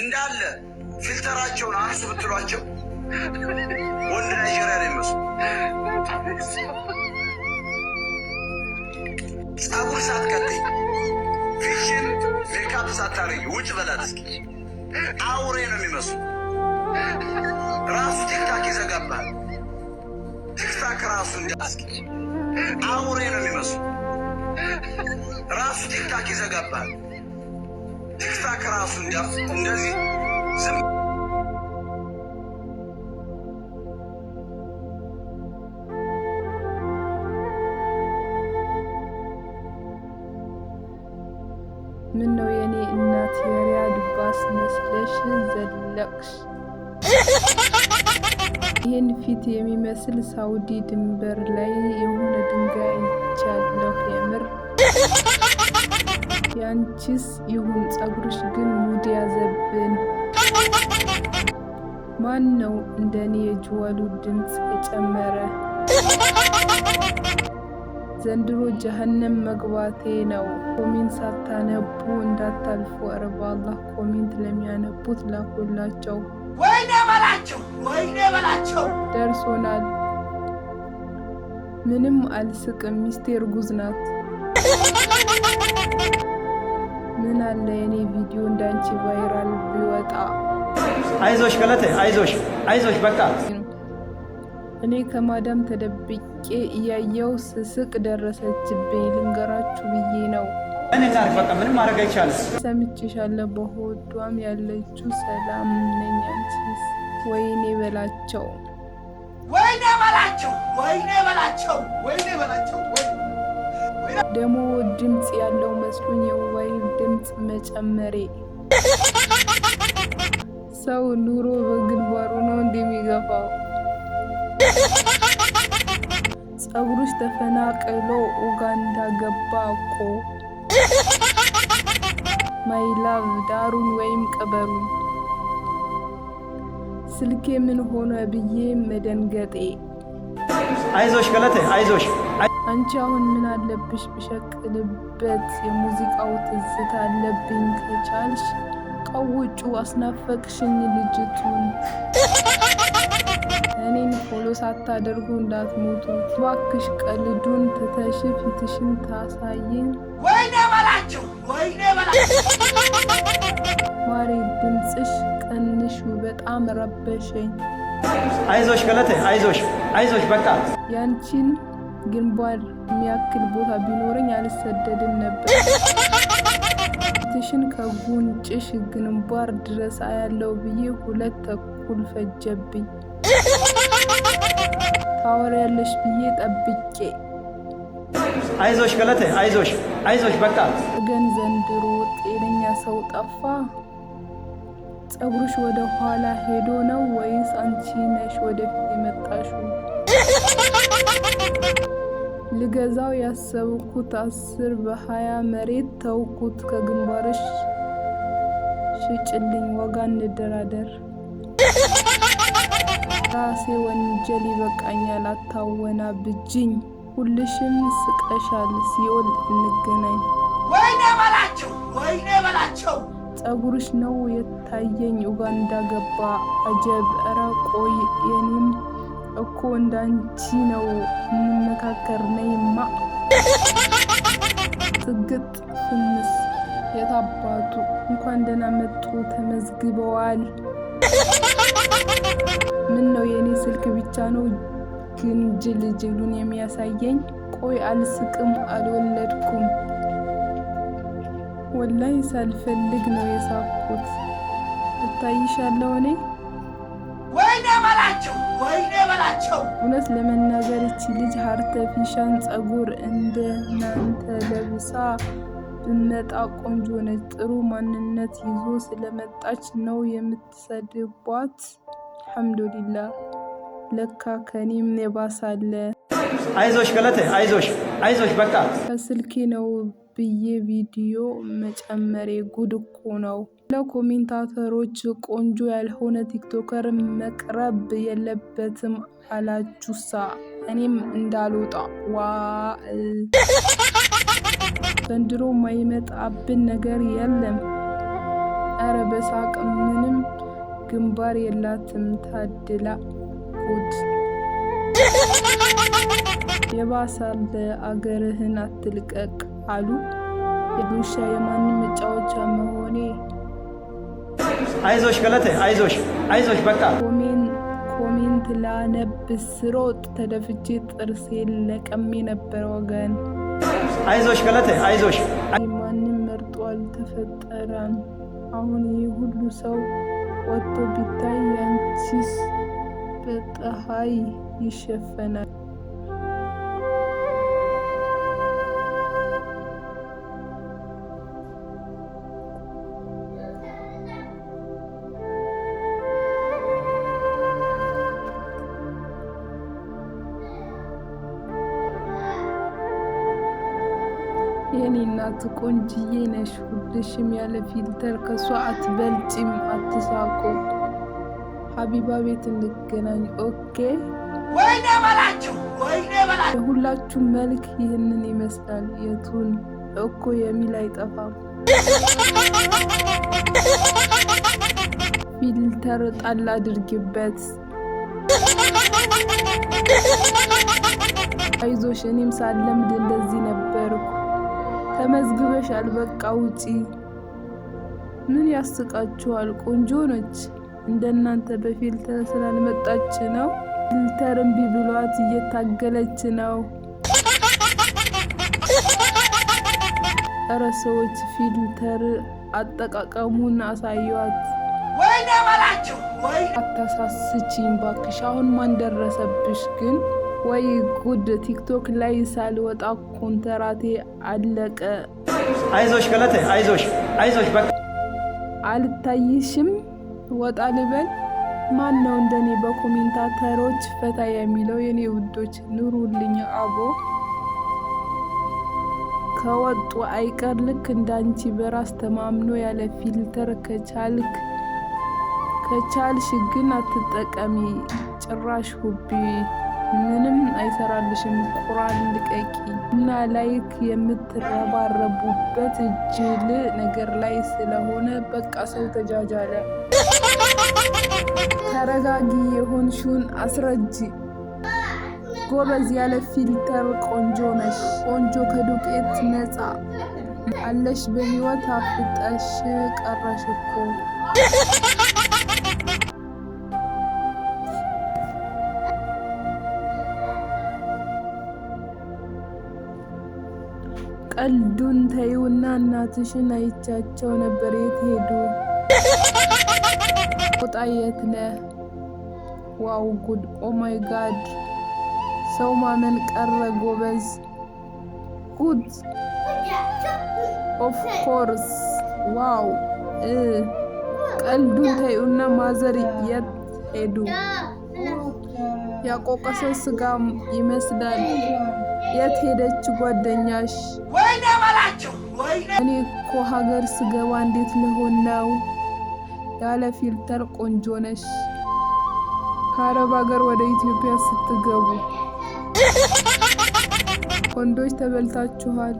እንዳለ ፊልተራቸውን አንሱ ብትሏቸው ወንድ ናይጄሪያ ነው የሚመስሉ። ጸጉር ሳትቀጥይ ፊሽን ሜካፕ ሳታረጊ ውጭ በላት እስኪ አውሬ ነው የሚመስሉ። ራሱ ቲክታክ ይዘጋባል። ቲክታክ ራሱ እንዳስኪ አውሬ ነው የሚመስሉ። ራሱ ቲክታክ ይዘጋባል። ደስታ ከራሱ እንደዚህ ዝም ምን ነው የኔ እናት የሪያ ዱባስ መስለሽ ዘለቅሽ? ይህን ፊት የሚመስል ሳውዲ ድንበር ላይ የሆነ ድንጋይ ይቻለሁ የምር ያንቺስ ይሁን ጸጉርሽ ግን ሙድ ያዘብን። ማን ነው እንደኔ የጅዋሉ ድምፅ የጨመረ? ዘንድሮ ጀሀነም መግባቴ ነው። ኮሜንት ሳታነቡ እንዳታልፉ። ኧረ አላህ ኮሜንት ለሚያነቡት ላኩላቸው። ወይኔ በላቸው፣ ወይኔ በላቸው። ደርሶናል። ምንም አልስቅም። ሚስቴር ጉዝ ናት። ምን አለ የኔ ቪዲዮ እንዳንቺ ቫይራል ቢወጣ። አይዞሽ ገለቴ፣ አይዞሽ፣ አይዞሽ በቃ እኔ ከማዳም ተደብቄ እያየው ስስቅ ደረሰችብኝ። ልንገራችሁ ብዬ ነው። ምን በቃ ምንም ማድረግ አይቻልም። ሰምቼሻለሁ። በሆዷም ያለችው ሰላም ነኝ። ወይኔ በላቸው፣ ወይኔ በላቸው፣ ወይኔ በላቸው፣ ወይኔ በላቸው ደግሞ ድምፅ ያለው መስሎኝ የሞባይል ድምፅ መጨመሬ። ሰው ኑሮ በግንባሩ ነው እንደሚገፋው። ጸጉሩሽ ተፈናቅሎ ኡጋንዳ ገባ እኮ። ማይላቭ ዳሩን ወይም ቅበሩን። ስልኬ ምን ሆነ ብዬ መደንገጤ አይዞሽ ገለቴ አይዞሽ። አንቺ አሁን ምን አለብሽ ብሸቅልበት፣ የሙዚቃው ትዝታ አለብኝ። ከቻልሽ ቀውጩ አስናፈቅሽኝ ልጅቱን። እኔን ፎሎ ሳታደርጉ እንዳትሞቱ እባክሽ። ቀልዱን ትተሽ ፊትሽን ታሳይን። ወይኔ በላችሁ ወይኔ በላችሁ ማሬ፣ ድምፅሽ ቀንሽ በጣም ረበሸኝ። አይዞሽ ገለተ፣ አይዞሽ አይዞሽ በቃ ያንቺን ግንባር የሚያክል ቦታ ቢኖረኝ አልሰደድም ነበር። ትሽን ከጉንጭሽ ግንባር ድረስ አያለው ብዬ ሁለት ተኩል ፈጀብኝ። ታወሪያለሽ ብዬ ጠብቄ አይዞሽ ገለተ፣ አይዞሽ አይዞሽ በቃ ግን ዘንድሮ ጤነኛ ሰው ጠፋ። ፀጉርሽ ወደ ኋላ ሄዶ ነው ወይስ አንቺ ነሽ ወደፊት የመጣሽው? ልገዛው ያሰብኩት አስር በሀያ መሬት ተውኩት። ከግንባርሽ ሽጭልኝ፣ ዋጋ እንደራደር። ራሴ ወንጀል ይበቃኛል፣ አታወና ብጅኝ። ሁልሽም ስቀሻል፣ ሲኦል እንገናኝ። ወይኔ በላቸው፣ ወይኔ በላቸው። ፀጉርሽ ነው የታየኝ ኡጋንዳ ገባ አጀብ! እረ ቆይ የኔም እኮ እንዳንቺ ነው የምመካከር ነይማ። ስግጥ ፍምስ የታባቱ እንኳን ደህና መጡ ተመዝግበዋል። ምን ነው የእኔ ስልክ ብቻ ነው ግንጅል ጅሉን የሚያሳየኝ? ቆይ አልስቅም፣ አልወለድኩም ወላይ ሳልፈልግ ነው የሳኩት። እታይሻለሁ እኔ ወይኔ በላቸው ወይኔ በላቸው። እውነት ለመናገር እቺ ልጅ ፊሻን ጸጉር እንደናንተ ለብሳ ብመጣ ቆንጆ ነች። ጥሩ ማንነት ይዞ ስለመጣች ነው የምትሰድቧት። አልሐምዱሊላህ ለካ ከኔም የባሰ አለ። አይዞሽ ገለቴ አይዞሽ አይዞሽ በቃ በስልኬ ነው ብዬ ቪዲዮ መጨመሬ ጉድ እኮ ነው። ለኮሜንታተሮች ቆንጆ ያልሆነ ቲክቶከር መቅረብ የለበትም አላችሁሳ? እኔም እንዳልወጣ ዋ ዘንድሮ ማይመጣብን ነገር የለም። እረ በሳቅ ምንም ግንባር የላትም ታድላ ጉድ የባሰል በአገርህን አትልቀቅ አሉ። የጉሻ የማንም መጫወቻ መሆኔ አይዞሽ ገለቴ አይዞሽ አይዞሽ በቃ ኮሜንት ላነብ ስሮጥ ተደፍቼ ጥርሴን ለቀሜ ነበር ወገን። አይዞሽ ገለቴ አይዞሽ ማንም መርጦ አልተፈጠረም። አሁን ይህ ሁሉ ሰው ወጥቶ ቢታይ ያንቺስ በፀሐይ ይሸፈናል። እናት ቆንጅዬ ነሽ፣ ሁልሽም ያለ ፊልተር ከሷ አትበልጭም አትሳቁ። ሀቢባ ቤት እንገናኝ። ኦኬ ወይኔ በላችሁ፣ ወይኔ በላችሁ። መልክ ይህንን ይመስላል። የቱን እኮ የሚል አይጠፋም። ፊልተር ጣል አድርጊበት። አይዞሽ፣ እኔም ሳለምድ እንደዚህ ነበርኩ። ተመዝግበሻል፣ በቃ ውጪ። ምን ያስቃችኋል? ቆንጆ ነች። እንደናንተ በፊልተር ስላልመጣች ነው። ፊልተር እምቢ ብሏት እየታገለች ነው። እረ ሰዎች ፊልተር አጠቃቀሙን አሳየዋት። አታሳስቺኝ ባክሽ። አሁን ማን ደረሰብሽ ግን? ወይ ጉድ! ቲክቶክ ላይ ሳልወጣ ኮንትራቴ አለቀ። አይዞሽ ገለቴ፣ አይዞሽ፣ አይዞሽ። አልታይሽም ወጣ ልበል። ማን ነው እንደኔ በኮሜንታተሮች ፈታ የሚለው? የኔ ውዶች ኑሩልኝ አቦ ከወጡ አይቀር ልክ እንዳንቺ በራስ ተማምኖ ያለ ፊልተር ከቻልክ ከቻልሽ ግን አትጠቀሚ ጭራሽ ሁቢ ምንም አይሰራልሽም። ቁራን ልቀቂ እና ላይክ የምትረባረቡበት እጅል ነገር ላይ ስለሆነ በቃ ሰው ተጃጃለ። ተረጋጊ፣ የሆንሽውን አስረጅ። ጎበዝ፣ ያለ ፊልተር ቆንጆ ነሽ። ቆንጆ ከዱቄት ነፃ አለሽ። በህይወት አፍጠሽ ቀረሽ እኮ ቀልዱን ተይውና እናትሽን አይቻቸው ነበር። የት ሄዱ? ቁጣ የት ነ? ዋው ጉድ! ማይ ጋድ! ሰው ማመን ቀረ ጎበዝ። ጉድ! ኦፍ ኮርስ! ዋው! ቀልዱን ተይውና ማዘር የት ሄዱ? ያቆቀሰ ስጋ ይመስላል። የት ሄደች ጓደኛሽ? ወይኔ በላችሁ። እኔ እኮ ሀገር ስገባ እንዴት ልሆን ነው? ያለ ፊልተር ቆንጆ ነሽ። ከአረብ ሀገር ወደ ኢትዮጵያ ስትገቡ ወንዶች ተበልታችኋል።